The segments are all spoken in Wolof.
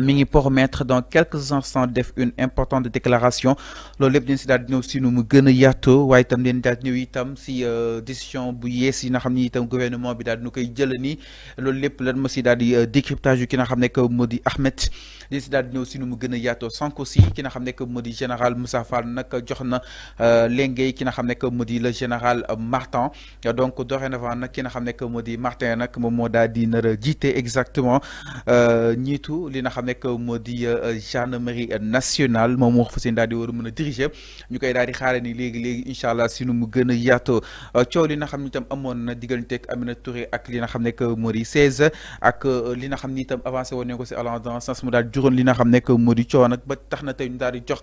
mi ngi promettre dans quelques instants def une importante déclaration loolu lépp ci dal daal di ñëw si nu mu gën a yaatoo waaye itam dañ itam si décision bu yees yi nga xamni ni itam gouvernement bi dal di ñu koy jël ni loolu lépp lan ma si dal di décryptage ki nga xamné que moo Ahmed dañ ci dal di ñëw si nu mu gën a yaatoo sànq ki nga xamné ne que moo général Moussa Fall nak joxna na euh, ki nga xamné que moo le général Martin donc dorénavant nak ki nga xamné ne que Martin nak moom mo dal di nar exactement euh, ñitu li nga xam nekk moo di gendarmerie nationale moom moo fa seen daal di war a mën a diriger ñu koy daal di xaare ni léegi léegi incha allah si nu mu gën a yaatoo coow li nga xam ne itam amoon na digganteeg Amina Touré ak li nga xam nekk moo di 16 ak li nga xam ni itam avancé woon nañ ko si allant dans sens mu daal juróon li nga xam nekk moo di coow nag ba tax na tey ñu daal di jox.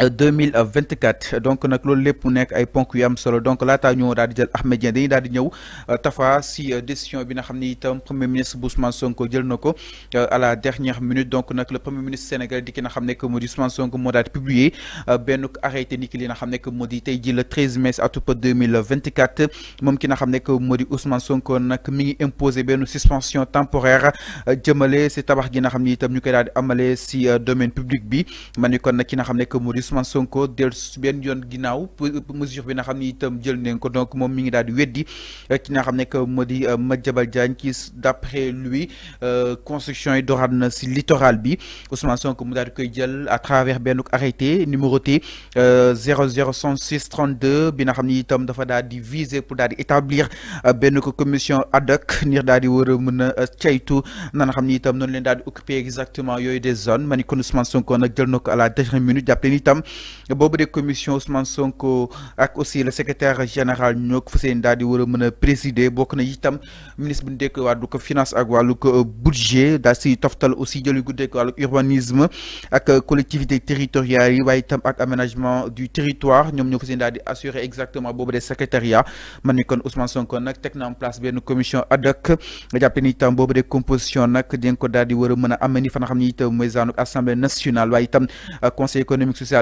2024 euh, donc nak loolu lépp nekk ay ponk yu am solo donc laataa ñu daal di jël Ahmedia. Dieng daal di ñëw euh, si euh, décision bi nga ni premier ministre Ousmane Sonko jël nako à la dernière minute donc nak le premier ministre sénégalais di ki nga xamné que modi Ousmane Sonko mo daal publier benn arrêté ni ki li nga xamné que modi. tay ji le 13 mai 2024 mom ki nga xamné que modi Ousmane Sonko nak mi ngi imposé benn suspension temporaire jëmale ci tabax gi nga xam ni itam ñu koy daal di amale si domaine public bi ma ni kon nak ki nga xamné que modi Ousmane Sonko dellu si yon yoon ginnaaw mesure bi nga xam itam jël nañ ko donc mom mi ngi dal di weddi eh, ki nga xamne ne que moo di eh, Madiambal Diagne ki d'après lui eh, construction yi doxaat na littoral bi Ousmane Sonko mu dal di koy jël à travers benn arrêté numéroté 00106 32 bi nga xam itam dafa dal di viser pour dal di établir benn commission ad hoc ngir dal di war mëna mën a na nga xam itam non leen dal di occuper exactement yoy des zones ma ni Ousmane Sonko nak jël na à la dernière minute jàppale itam de commission Ousmane Sonko ak aussi le secrétaire général ñok ko du yéene di présider bokk na itam ministre bu ñu dékk finance ak wàllu ko euh, budget d'assi toftal aussi jëli gu urbanisme ak euh, collectivité territoriale, way itam ak aménagement du territoire ñom ñoo fas di assurer exactement Bob de secrétariat man ni kon Ousmane Sonko nak teg en place benn commission ad hoc la ni itam boobu de composition nak di nga ko daal di a mën ni fa itam assemblée nationale way itam euh, conseil économique social.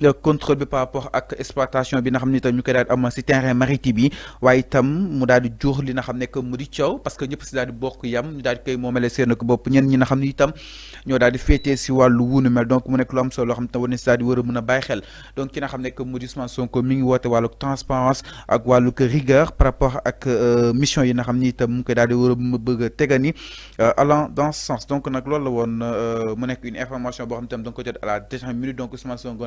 le contrôle bi par rapport ak exploitation bi nga xamni ne ñu koy daal di am si terrain maritime yi waaye itam mu daal di jur li nga xam ne que mu di coow parce que ñep ci daal di bokk yam ñu daal di koy moomale seen ak bopp ñenn ñi nga xamni ne itam ñoo daal di fété ci walu wunu mel donc mu nek lu am solo loo xam ne war nañ daal di war mëna bay xel donc ki nga xam ne que mu di Ousmane Sonko mi ngi woté walu transparence ak wàllu rigueur par rapport ak euh, mission yi nga xamni ni itam mu ngi koy daal di war a bëgg a tegani euh, allant dans ce sens donc nak loolu la woon euh, mu nek une information bo xam ne itam da nga ko jot à la dernière minute donc Ousmane Sonko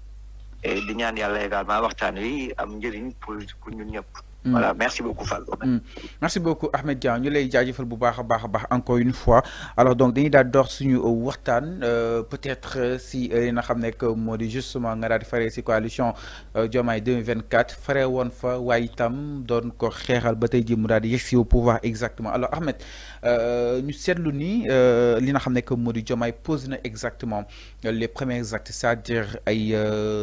Eh, di ñaan yàlla également waxtaan wi am njëriñ pour ko ñun ñëpp. Mm. Voilà, merci beaucoup Fallo. Mm. Merci beaucoup Ahmed Dia ñu lay jaajëfal bu baax encore une fois alors donc dañuy daal door suñu euh, waxtaan euh, peut-être euh, si li nga xam nekk justement nga daal di faree coalition Diomaye 2024 frère woon fa waaye itam doon ko xeexal ba ji mu au pouvoir exactement alors Ahmed nous seetlu ni li nga xam nekk moo di pose exactement les premiers actes c'est-à-dire ay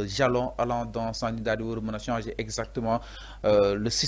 jalons allant dans son daal di a changer exactement le système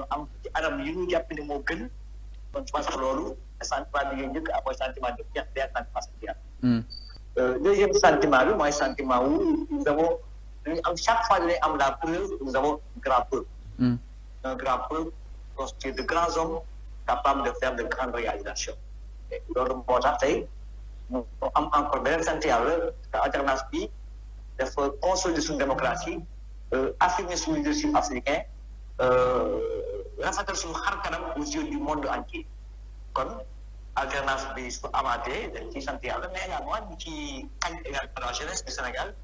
ñu am ci anam yi ñu jàpp ne moo gën kon je pense que loolu sentiment bi ngay njëkk am mooy sentiment de fierté ak sentiment pacifique. deuxième sentiment bi mooy sentiment wu nous avons dañu am chaque fois dañuy am la preuve nous avons grand peuple. Mm. un grand peuple constitué de grands hommes capables de faire de grandes réalisations. loolu moo tax tey mu am encore beneen sant yàlla te alternance bi dafa consolider suñu démocratie affirmer suñu leadership africain. Euh, rafetal suñu xar kanam aux yeux du monde entier kon alternance de su amaatee dañ ciy sant yàlla mais également ñu ci kañ également la jeunesse du Sénégal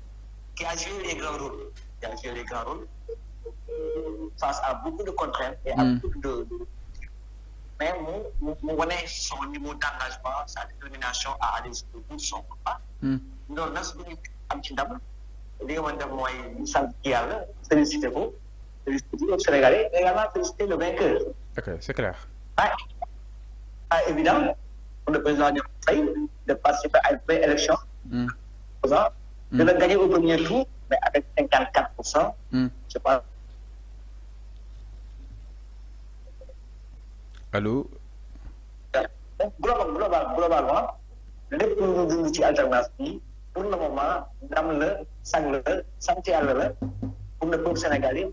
qui a joué les grands rôles qui a joué les grands rôles face à beaucoup de contraintes et à mm. beaucoup de mais mu mu wane son niveau d'engagement sa détermination à aller jusqu'au de son combat mm. loolu nag suñu am ci ndam li nga mën def mooy sant yàlla félicité ko féliciter aux Sénégalais, mais également féliciter le vainqueur. Ok, c'est clair. Pas, ah, pas ah, évident pour le président de Conseil de participer à une pré-élection, mm. de hmm. le gagner au premier tour, mais avec 54%, hmm. je pense. Allô Global, global, globalement, les lu ñu dund alternatif, pour le moment dame le sang la sant yàlla pour le peuple sénégalais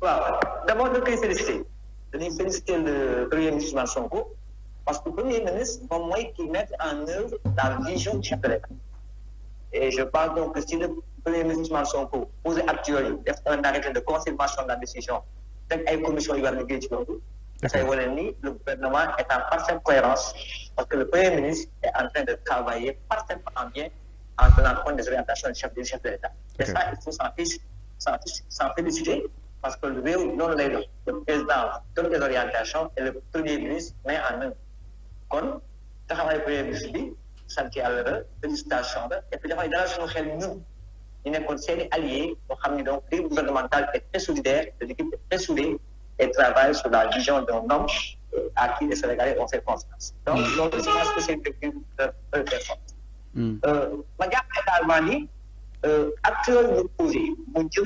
voilà d'abord je féliciter. féliciter le premier ministre Massonko, parce que le premier ministre moom moins qu'il met en œuvre la vision du chef et je pense donc que si le premier ministre Mansonko pose actuellement un arrêté de conservation de la décision teg commission yu du ni le gouvernement est en parfaite cohérence parce que le premier ministre est en train de travailler parfaitement bien en tenant compte des orientations du chef de l'État et ça il faut s'en féliciter parce que le réew non le président comme des orientations et le premier ministre met en main kon le premier ministre bi sant yàlla la félicitation et puis dafay dalal suñu la ñun Il Il un conseil allié, donc le gouvernemental est très solidaire l'équipe est très soudée et travaille sur la vision d'un homme à qui les Sénégalais ont fait confiance donc mm. je pense que c'est une décision très importante ma jàpp également ni acteurs yu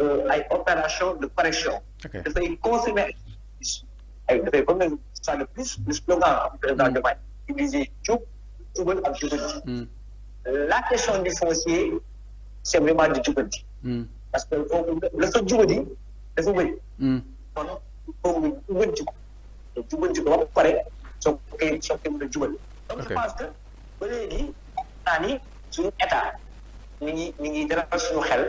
une euh, opération de correction. dafay consommer ay comme ça le plus le slogan président Il la question du foncier c'est vraiment du mm. parce que euh, le Tu mm. le Tu Le Tu Tu Tu donc je pense que vous Tu l'année, état Tu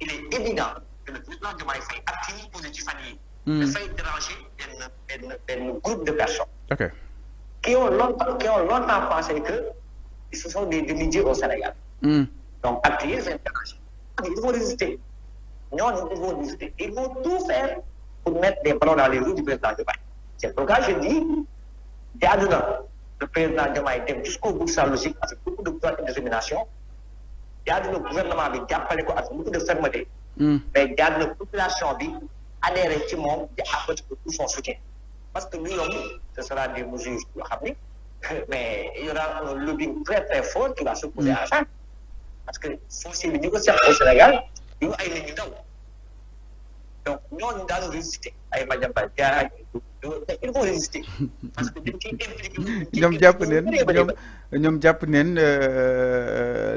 Il est évident que le président du a pris pour les Tiffany. Mm. Essaye a déranger un, groupe de personnes qui, ont longtemps, qui ont longtemps pensé que ce sont des délégués au Sénégal. Mm. Donc, appuyer, c'est déranger. Ils vont résister. Non, ils vont résister. Ils vont tout faire pour mettre des ballons dans les roues du président de Maïs. C'est pourquoi je dis, c'est adonnant. Le président de Maïs jusqu'au bout de sa logique avec beaucoup de pouvoir et de domination garde le gouvernement bi les ko beaucoup de fermeté. Hmm. mais garde la population bi adhéré ci qui di tout son soutien. parce que nous, ce sera des mesures mais il y aura un lobbying très très fort qui va se poser hmm. à ça parce que bi au Sénégal ay donc nous résister il faut résister parce que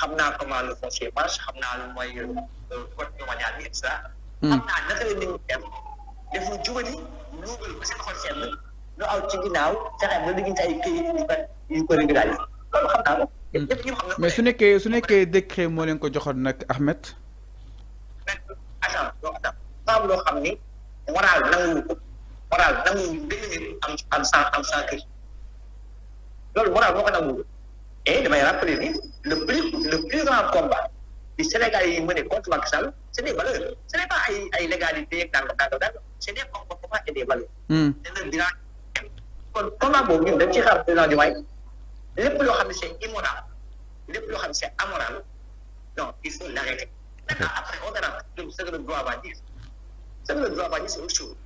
xam naa comment le foncier marche xam naa lu mooy euh, code domanial bi et cetera. Hmm. xam naa naka la nit ñi dem def lu jubali luubal ba seen xol seen lu aw ci hmm. mais su nekkee su nekkee décret moo leen ko joxoon nag Ahmed. loo moral nanguwu ko moral nanguwu benn nit am am sans am sans kër loolu moral moo ko nanguwu eh damay rappeler ni. le plus le plus grand combat du Sénégal yi mené contre Macky Sall c'est des valeurs ce n'est pas ay ay légalité ak nangam nangam nangam c'est a comportements et des valeurs. Hmm. le bilan. kon combat boobu ñun dañ ciy xaar président Diomaye lépp loo xam ne c'est immoral lépp loo xam ne c'est amoral non il faut l'arrêter. maintenant après on verra ce que le droit va dire ce que le droit va dire c'est autre chose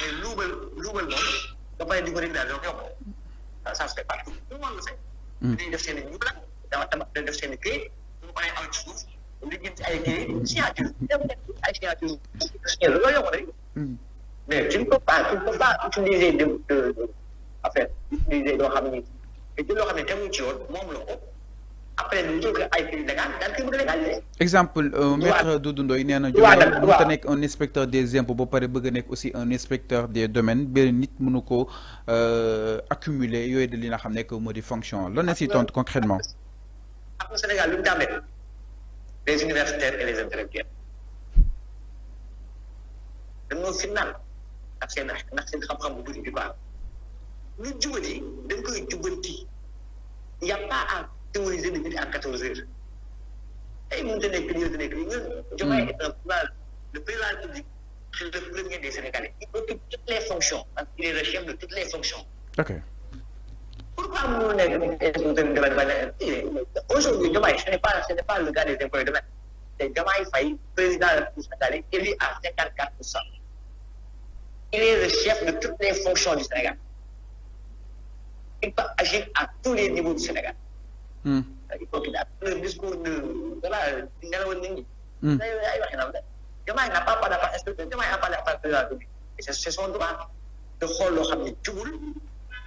mais luubal luubal moom dafay di ko rek daal di ko yokk ça se fait partout tout le monde le sait. Hmm. dañuy dama dama doon def seen i këyit ñu paree am ci suuf li jëm ci ay këyit signature dem ci ay signature signature loolu yomb rek hmm. mais tu ne peux pas tu ne peux pas utiliser de de affaire utiliser loo xam ni te jël loo xam ne teguñu ci yoon moom la ko après ñu jël ay këyit da ngaa daal këyit bëgg légaliser exemple euh, maître Doudou Ndoye nee na Diomaye ta nekk un inspecteur des impôts ba pare bëgg a nekk aussi un inspecteur des domaines benn nit mënu ko euh, accumuler yooyu de li nga xam ne que moo di fonction lan la si tontu concrètement après le Sénégal, l'unité les universitaires et les intellectuels. le nous, au final, nous pas beaucoup du bas. Nous avons dit, nous avons dit, il n'y a pas à théoriser les à 14 heures. Et nous avons dit, nous le président de la République, le premier des Sénégalais, il occupe toutes les fonctions, il est le de toutes les fonctions. OK pourquoi nous Aujourd'hui, ce n'est pas, pas, le gars des impôts et C'est Jamaï Faye, président de la Cour lui élu à 54%. Il est le chef de toutes les fonctions du Sénégal. Il peut agir à tous les niveaux du Sénégal. Mm. Il faut qu'il a le discours de. Voilà, mm. Jamaï n'a pas la part jamais n'a pas la part de la République. Et c'est son droit de rôle, le ramener tout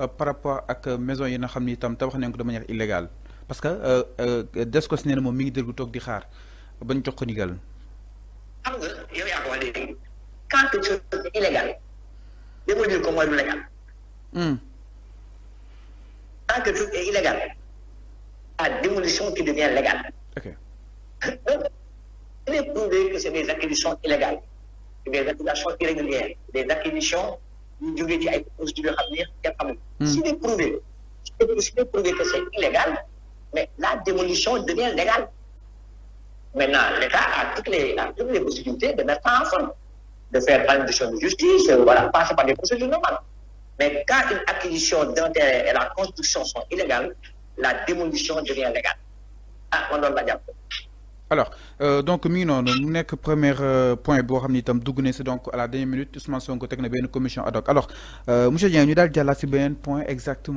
Euh, par rapport à maison yi ko de manière illégale parce que euh, euh, Descos ce mi ngi di xaar ko xam nga yow ko quand quelque chose illégal démolition, comment dire quand illégal la démolition qui devient légale. ok que c'est des acquisitions illégales des acquisitions irrégulières des acquisitions. Il jógee ci ay procédures hmm. si vous prouvez si vous prouvez que c'est illégal mais la démolition devient légale maintenant l'État a toutes les les possibilités de mettre ça ensemble de faire une transition de justice voilà passer par des procédures normales mais quand une acquisition d'un et la construction sont illégales la démolition devient légale ah on donne la alors euh, donc mi n'avons que premier euh, point bo xamni tam dougné c'est donc à la dernière minute Ousmane Sonko teg na benn commission ad hoc alors euh, monsieur Diagne, ñu dal jalla ci ben point exactement